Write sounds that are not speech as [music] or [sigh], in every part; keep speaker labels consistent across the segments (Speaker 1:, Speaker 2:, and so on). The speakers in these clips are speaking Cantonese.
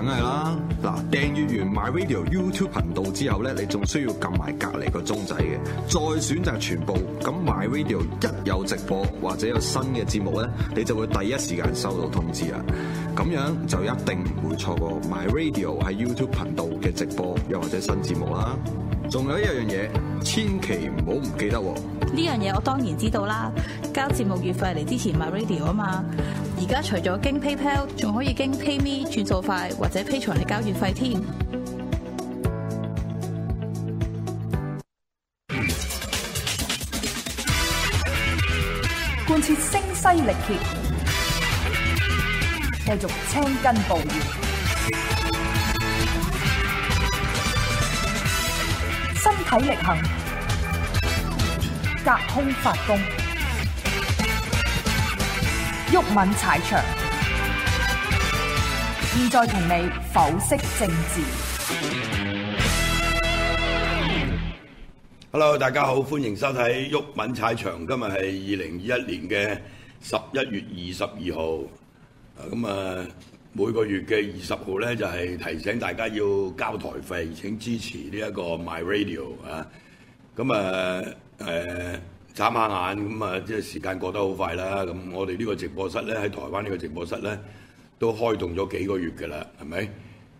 Speaker 1: 梗係啦，嗱，訂閱完 My Radio YouTube 頻道之後咧，你仲需要撳埋隔籬個鐘仔嘅，再選擇全部。咁 My Radio 一有直播或者有新嘅節目咧，你就會第一時間收到通知啦！咁樣就一定唔會錯過 My Radio 喺 YouTube 頻道嘅直播又或者新節目啦。仲有一樣嘢，千祈唔好唔記得喎。呢樣嘢我當然知道啦，交節目月費嚟支持 My Radio 啊嘛。而家除咗經 PayPal，仲可以經 PayMe 轉數快，或者 Patreon 嚟交月費添。貫徹聲嘶力竭，繼續青筋暴現，身體力行，隔空發功。毓民踩場，現在同你剖析政治。Hello，大家好，歡迎收睇毓民踩場。今日係二零二一年嘅十一月二十二號。咁啊，啊，每個月嘅二十號咧，就係、是、提醒大家要交台費，請支持呢一個 My Radio 啊。咁啊，誒、啊。啊眨下眼咁啊，即係時間過得好快啦。咁我哋呢個直播室咧，喺台灣呢個直播室咧，都開動咗幾個月㗎啦，係咪？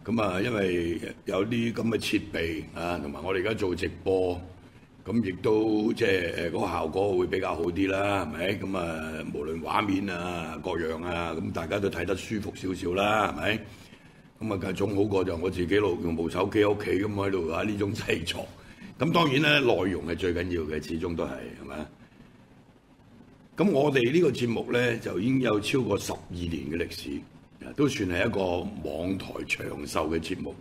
Speaker 1: 咁啊，因為有啲咁嘅設備啊，同埋我哋而家做直播，咁亦都即係誒嗰個效果會比較好啲啦，係咪？咁啊，無論畫面啊，各樣啊，咁大家都睇得舒服少少啦，係咪？咁啊，總好過就我自己用用部手機屋企咁喺度啊呢種製作。咁當然咧，內容係最緊要嘅，始終都係係嘛。咁我哋呢個節目咧，就已經有超過十二年嘅歷史，都算係一個網台長壽嘅節目。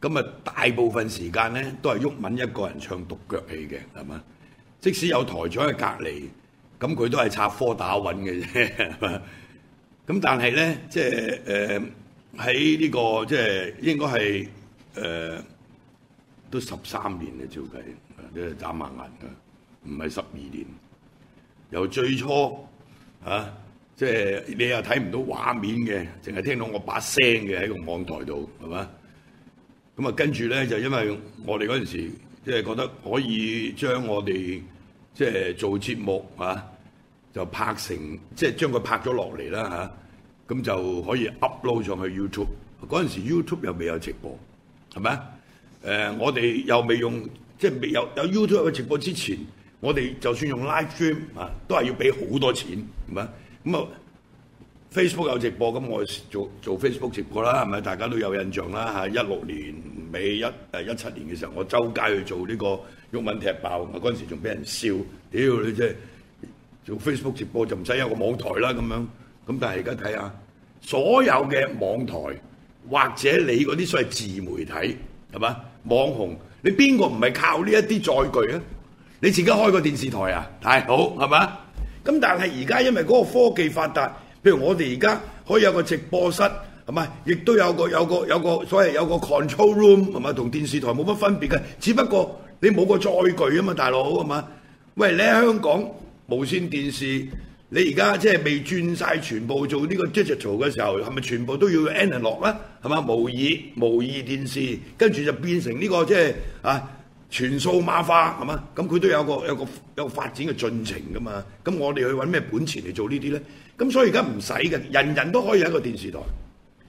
Speaker 1: 咁啊，大部分時間咧，都係毓民一個人唱獨腳戲嘅，係嘛。即使有台長喺隔離，咁佢都係插科打諢嘅啫。係嘛。咁但係咧，即係誒喺呢個即係、就係、應該係誒。呃都十三年啦，照計，都係眨下眼嘅，唔係十二年。由最初嚇，即、啊、係、就是、你又睇唔到畫面嘅，淨係聽到我把聲嘅喺個網台度，係嘛？咁、嗯、啊，跟住咧就因為我哋嗰陣時即係、就是、覺得可以將我哋即係做節目嚇、啊，就拍成即係、就是、將佢拍咗落嚟啦嚇，咁、啊、就可以 upload 上去 YouTube。嗰陣時 YouTube 又未有直播，係咪啊？誒、呃，我哋又未用，即係未有有 YouTube 嘅直播之前，我哋就算用 Live Stream 啊，都係要俾好多錢，係咪？咁啊，Facebook 有直播，咁我做做 Facebook 直播啦，係咪？大家都有印象啦嚇，一、啊、六年尾一誒一七年嘅時候，我周街去做呢、這個毓民踢爆，我嗰時仲俾人笑，屌、哎、你即係做 Facebook 直播就唔使有個網台啦咁樣。咁但係而家睇下，所有嘅網台或者你嗰啲所謂自媒體。係嘛？網紅，你邊個唔係靠呢一啲載具啊？你自己開個電視台啊？係，好，係嘛？咁但係而家因為嗰個科技發達，譬如我哋而家可以有個直播室，係咪？亦都有個有個有個所謂有個 control room，係咪？同電視台冇乜分別嘅，只不過你冇個載具啊嘛，大佬，係嘛？喂，你喺香港，無線電視。你而家即係未轉晒全部做呢個 digital 嘅時候，係咪全部都要 analog 落咧？係嘛，模擬模擬電視，跟住就變成呢個即係啊全數碼化係嘛？咁佢都有個有個有發展嘅進程噶嘛？咁我哋去揾咩本錢嚟做呢啲咧？咁所以而家唔使嘅，人人都可以喺個電視台。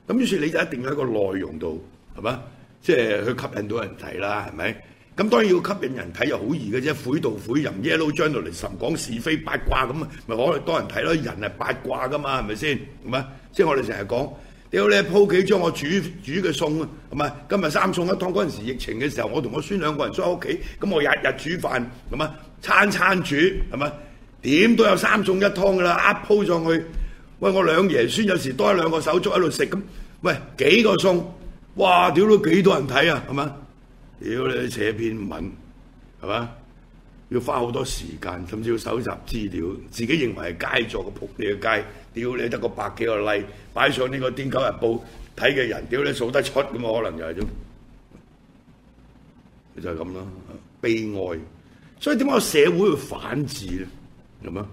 Speaker 1: 咁於是你就一定要喺個內容度係嘛，即係去吸引到人睇啦，係咪？咁當然要吸引人睇又好易嘅啫，悔道悔淫 yellow journalism 嚟神講是非八卦咁，咪可以多人睇咯。人係八卦噶嘛，係咪先？係嘛？即 [noise] 係樂我哋成日講，屌你鋪幾張我煮煮嘅餸啊，係咪？」今日三餸一湯嗰陣時疫情嘅時候，我同我孫兩個人出喺屋企，咁我日日煮飯，係嘛？餐餐煮，係咪？點都有三餸一湯㗎啦，一鋪上去，喂我兩爺孫有時多一兩個手足喺度食，咁喂幾個餸，哇！屌到幾多人睇啊，係咪？屌你！寫篇文係嘛？要花好多時間，甚至要搜集資料，自己認為係佳作嘅仆你個街。屌你得個百幾個例擺上呢、這個《癲狗日報》睇嘅人，屌你數得出咁啊？可能就係咁，就係咁咯。悲哀。所以點解個社會會反智咧？咁啊？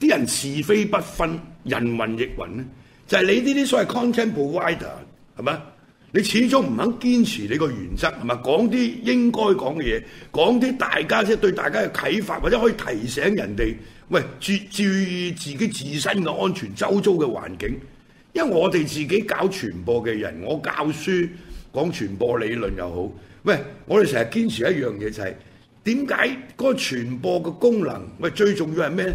Speaker 1: 啲人是非不分，人云亦云咧，就係、是、你呢啲所謂 content provider 係咪？你始終唔肯堅持你個原則，同埋講啲應該講嘅嘢，講啲大家即係對大家嘅啟發，或者可以提醒人哋，喂，注注意自己自身嘅安全，周遭嘅環境。因為我哋自己搞傳播嘅人，我教書講傳播理論又好，喂，我哋成日堅持一樣嘢就係點解嗰個傳播嘅功能？喂，最重要係咩咧？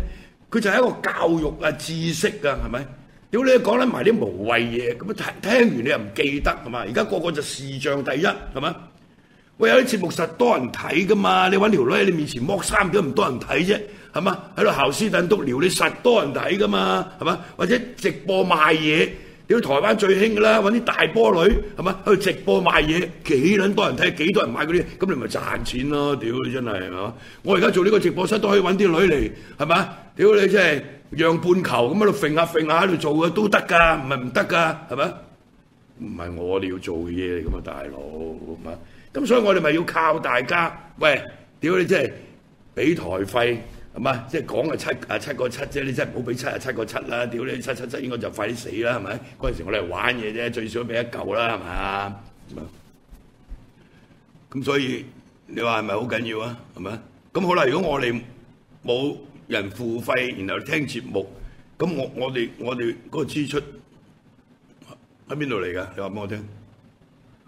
Speaker 1: 佢就係一個教育啊、知識啊，係咪？屌你講緊埋啲無謂嘢，咁樣聽聽完你又唔記得係嘛？而家個個就視像第一係嘛？喂，有啲節目實多人睇噶嘛？你揾條女喺你面前剝衫，點唔多人睇啫？係嘛？喺度姣屍等督撩你實多人睇噶嘛？係嘛？或者直播賣嘢，屌台灣最興噶啦，揾啲大波女係嘛？去直播賣嘢，幾撚多人睇？幾多，多人買嗰啲？咁你咪賺錢咯！屌你真係係嘛？我而家做呢個直播室都可以揾啲女嚟係嘛？屌你真係～讓半球咁喺度揈下揈下喺度做嘅都得噶，唔係唔得噶，係咪？唔係我哋要做嘅嘢嚟噶嘛，大佬咁啊！咁所以我哋咪要靠大家。喂，屌你即係俾台費，係咪？即係講係七啊七個七啫，你真係唔好俾七啊七個七啦！屌你七七七，應該就快啲死啦，係咪？嗰陣時我哋玩嘢啫，最少俾一嚿啦，係咪啊？咁所以你話係咪好緊要啊？係咪？咁好啦，如果我哋冇人付費，然後聽節目，咁我我哋我哋嗰個支出喺邊度嚟㗎？你話俾我聽。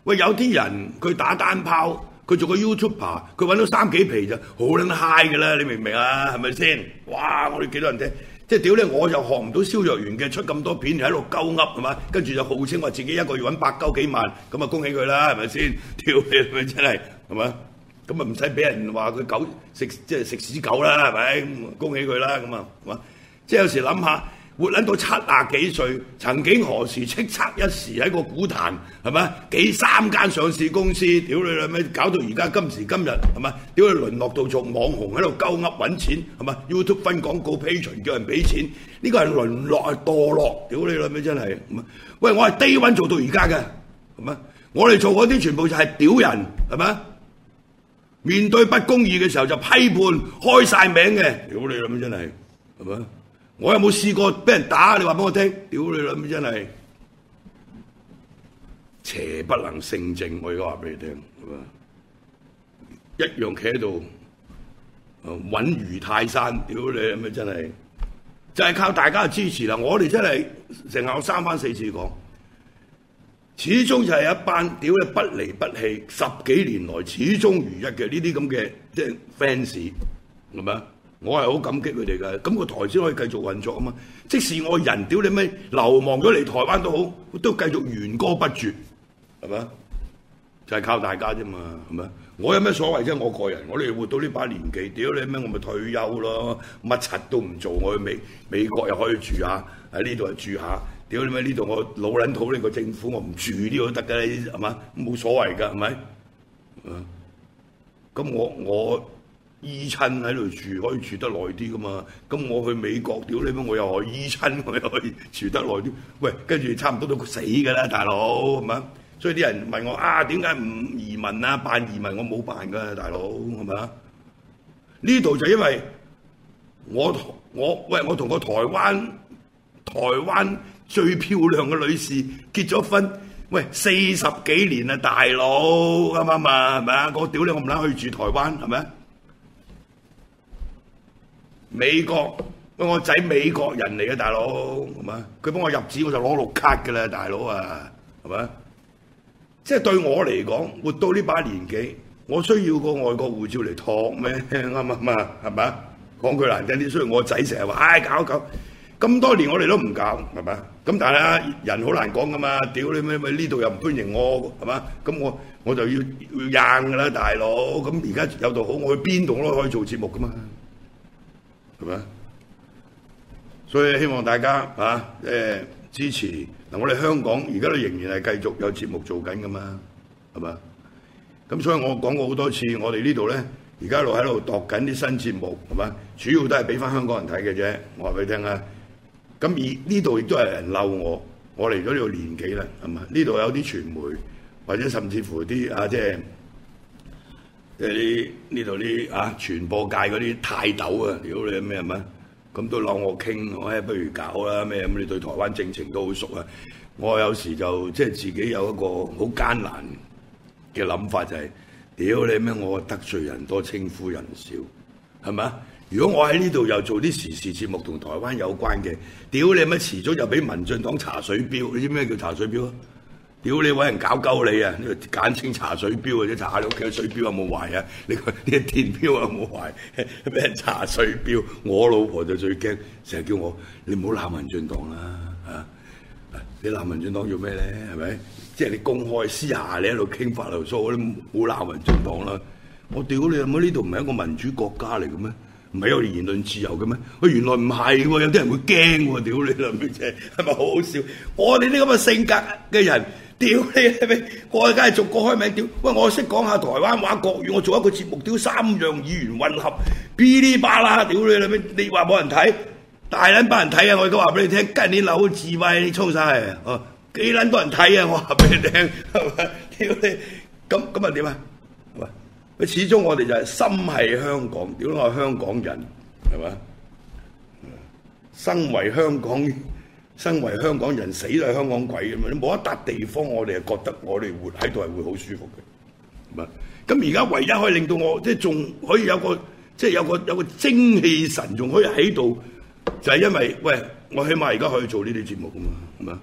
Speaker 1: 喂，有啲人佢打單炮，佢做個 YouTuber，佢揾到三幾皮就好撚 high 㗎啦！你明唔明啊？係咪先？哇！我哋幾多人聽？即係屌咧！我又學唔到蕭若元嘅出咁多片，喺度鳩噏係嘛？跟住就號稱我自己一個月揾百鳩幾萬，咁啊恭喜佢啦，係咪先？屌你咪真係係嘛？是咁啊唔使俾人話佢狗食即係食屎狗啦，係咪？恭喜佢啦，咁啊，即係有時諗下活撚到七廿幾歲，曾經何時叱咤一時喺個股壇係咪？幾三間上市公司，屌你啦咩？搞到而家今時今日係咪？屌你淪落到做網紅喺度鳩噏揾錢係咪？YouTube 分廣告 Patreon，叫人俾錢，呢個係淪落，係墮落，屌你啦咩？真係，喂，我係 day one 做到而家嘅，係咪？我哋做嗰啲全部就係屌人，係咪？面對不公義嘅時候就批判開晒名嘅，屌你諗真係，係咪？我有冇試過俾人打？你話俾我聽，屌你諗真係邪不能勝正，我而家話俾你聽，係咪？一樣企喺度，穩如泰山，屌你諗真係，就係靠大家嘅支持啦！我哋真係成日三番四次講。始終就係一班屌咧不離不棄，十幾年來始終如一嘅呢啲咁嘅即係 fans，係咪？我係好感激佢哋嘅，咁個台先可以繼續運作啊嘛！即使我人屌你咩流亡咗嚟台灣都好，都繼續弦歌不絕，係咪？就係靠大家啫嘛，係咪？我有咩所謂啫？我個人，我哋活到呢把年紀，屌你咩，我咪退休咯，乜柒都唔做，我去美美國又可以住下，喺呢度又住下。屌你咪呢度我老捻土，呢個政府我唔住呢度都得嘅，係嘛，冇所謂噶，係咪？咁我我依親喺度住可以住得耐啲噶嘛？咁我去美國，屌你咪我又可以依親，我又可以住得耐啲。喂，跟住差唔多都死噶啦，大佬，係嘛？所以啲人問我啊，點解唔移民啊？辦移民我冇辦噶，大佬係咪啊？呢度就因為我同我，我喂我同個台灣台灣。台灣最漂亮嘅女士結咗婚，喂四十幾年啊，大佬啱啱啊？係咪啊？我屌你，我唔撚去住台灣係咪啊？美國，我個仔美國人嚟嘅，大佬係咪？佢幫我入紙，我就攞綠卡㗎啦，大佬啊，係咪？即係對我嚟講，活到呢把年紀，我需要個外國護照嚟托咩？啱啱啊？係咪啊？講句難聽啲，雖然我個仔成日話，唉、哎、搞搞。咁多年我哋都唔搞，係咪啊？咁但係咧，人好難講噶嘛。屌你咪咪呢度又唔歡迎我，係咪啊？咁我我就要要硬㗎啦，大佬。咁而家有道好，我去邊度都可以做節目噶嘛，係咪啊？所以希望大家啊，誒、呃、支持嗱、啊。我哋香港而家都仍然係繼續有節目做緊噶嘛，係咪啊？咁所以我講過好多次，我哋呢度咧，而家一路喺度度緊啲新節目，係咪啊？主要都係俾翻香港人睇嘅啫，我話俾你聽啊！咁而呢度亦都有人嬲我，我嚟咗呢個年紀啦，係咪？呢度有啲傳媒，或者甚至乎啲啊，即係即係啲呢度啲啊，傳播界嗰啲泰斗啊，屌你咩，係咪？咁都攞我傾，我誒不如搞啦咩咁？你對台灣政情都好熟啊，我有時就即係、就係、自己有一個好艱難嘅諗法、就係，就係屌你咩，我得罪人多，稱呼人少，係咪啊？如果我喺呢度又做啲時事節目同台灣有關嘅，屌你咪遲早又俾民進黨查水表。你知咩叫查水表啊？屌你，揾人搞鳩你啊！簡稱水，查水表，或者查下你屋企嘅水表有冇壞啊？你個啲電表有冇壞？俾人查水表，我老婆就最驚，成日叫我，你唔好鬧民進黨啦嚇、啊。你鬧民進黨做咩咧？係咪？即係你公開私下你喺度傾法律書，你唔好鬧民進黨啦。我屌你阿妹，呢度唔係一個民主國家嚟嘅咩？唔係有言論自由嘅咩？佢原來唔係喎，有啲人會驚喎，屌你老味，即係係咪好好笑？我哋啲咁嘅性格嘅人，屌你老味，我梗係逐個開名，屌！喂，我識講下台灣話國語，我做一個節目，屌三樣語言混合，噼里啪啦，屌你老味！你話冇人睇，大撚班人睇啊！我而家話俾你聽，今年流好智慧，充曬啊！哦，幾撚多人睇啊！我話俾你聽，係咪？屌你，咁咁啊點啊？始終我哋就係心係香港，屌我係香港人，係嘛？生為香港，生為香港人，死都係香港鬼。咁你冇一笪地方，我哋係覺得我哋活喺度係會好舒服嘅。咁咁而家唯一可以令到我即係仲可以有個即係有個有個精氣神，仲可以喺度，就係因為喂，我起碼而家可以做呢啲節目㗎嘛，係嘛？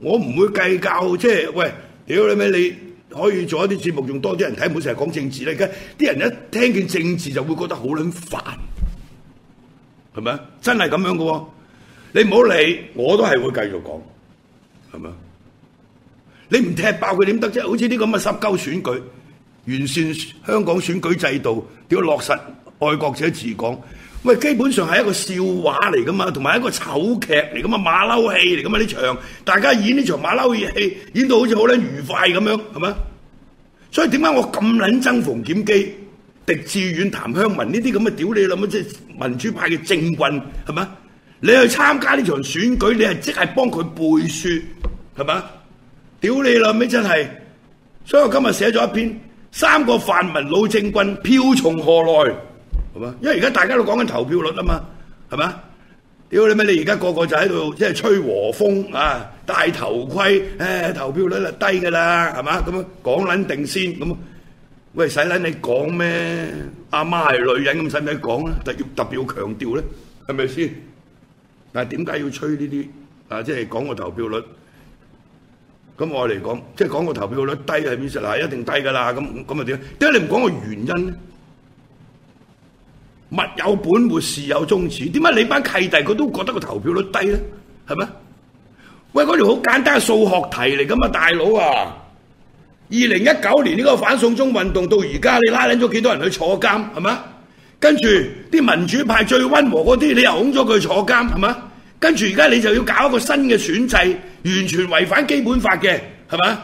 Speaker 1: 我唔會計較，即係喂，屌你咪你。你可以做一啲節目，仲多啲人睇。唔好成日講政治咧，而家啲人一聽見政治就會覺得好撚煩，係咪啊？真係咁樣嘅喎！你唔好理，我都係會繼續講，係咪啊？你唔踢爆佢點得啫？好似啲咁嘅濕鳩選舉，完善香港選舉制度，屌落實愛國者治港，喂，基本上係一個笑話嚟㗎嘛，同埋一個醜劇嚟㗎嘛，馬騮戲嚟㗎嘛！呢場大家演呢場馬騮戲，演到好似好撚愉快咁樣，係咪？所以點解我咁撚憎馮檢基、狄志遠、譚香文呢啲咁嘅屌你老母即係民主派嘅政棍係嘛？你去參加呢場選舉，你係即係幫佢背書係嘛？屌你老味真係？所以我今日寫咗一篇三個泛民老政棍票從何來係嘛？因為而家大家都講緊投票率啊嘛係嘛？屌你咩！你而家個個就喺度即係吹和風啊，戴頭盔，誒投票率低㗎喇，係嘛？咁樣講撚定先咁。喂，使撚你講咩？阿媽係女人咁使唔使講咧？特別特別要強調咧，係咪先？但係點解要吹呢啲啊？即係講個投票率。咁我嚟講，即係講個投票率低係邊實嗱，一定低㗎喇。咁咁又點？點解你唔講個原因咧？物有本末，事有終始。點解你班契弟佢都覺得個投票率低咧？係咪？喂，嗰條好簡單嘅數學題嚟噶嘛，大佬啊！二零一九年呢個反送中運動到而家，你拉撚咗幾多人去坐監係咪？跟住啲民主派最温和嗰啲，你又拱咗佢坐監係咪？跟住而家你就要搞一個新嘅選制，完全違反基本法嘅係咪？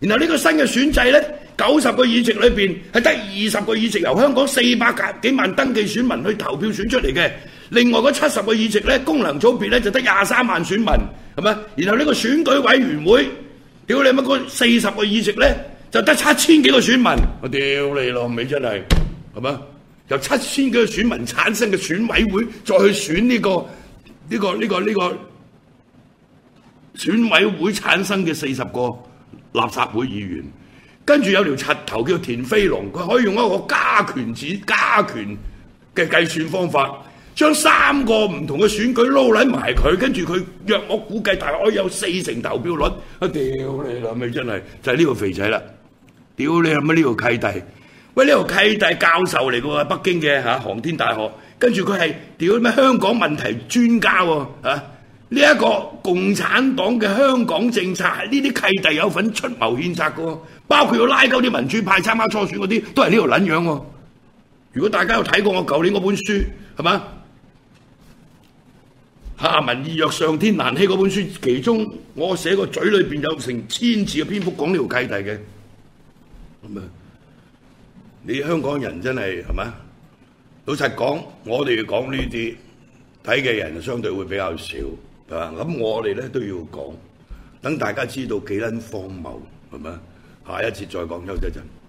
Speaker 1: 然後呢個新嘅選制咧？九十個議席裏邊係得二十個議席由香港四百幾萬登記選民去投票選出嚟嘅，另外嗰七十個議席咧，功能組別咧，就得廿三萬選民，係咪？然後呢個選舉委員會屌你乜個，四十個議席咧就得七千幾個選民，我屌你咯，尾真係，係咪？由七千幾個選民產生嘅選委會再去選呢個呢個呢個呢個呢個呢個選委會產生嘅四十個垃圾會議員。跟住有條柒頭叫田飛龍，佢可以用一個加權子加權嘅計算方法，將三個唔同嘅選舉撈攬埋佢，跟住佢約我估計，大概有四成投票率。我屌、 [noise] [noise] 啊、你啦，咪真係就係、是、呢個肥仔啦！屌你阿媽呢個契弟，喂呢個契弟教授嚟嘅喎，北京嘅嚇航天大學，跟住佢係屌咩香港問題專家喎、啊啊。呢一個共產黨嘅香港政策，呢啲契弟有份出謀獻策嘅，包括要拉鳩啲民主派參加初選嗰啲，都係呢條撚樣。如果大家有睇過我舊年嗰本書，係嘛？《下民易虐上天難欺》嗰本書，其中我寫過嘴裏邊有成千字嘅篇幅講呢條契弟嘅。咁啊，你香港人真係係嘛？老實講，我哋要講呢啲睇嘅人，相對會比較少。係嘛？啊、那我哋呢都要講，等大家知道幾撚荒謬係咪？下一節再講，休息一陣。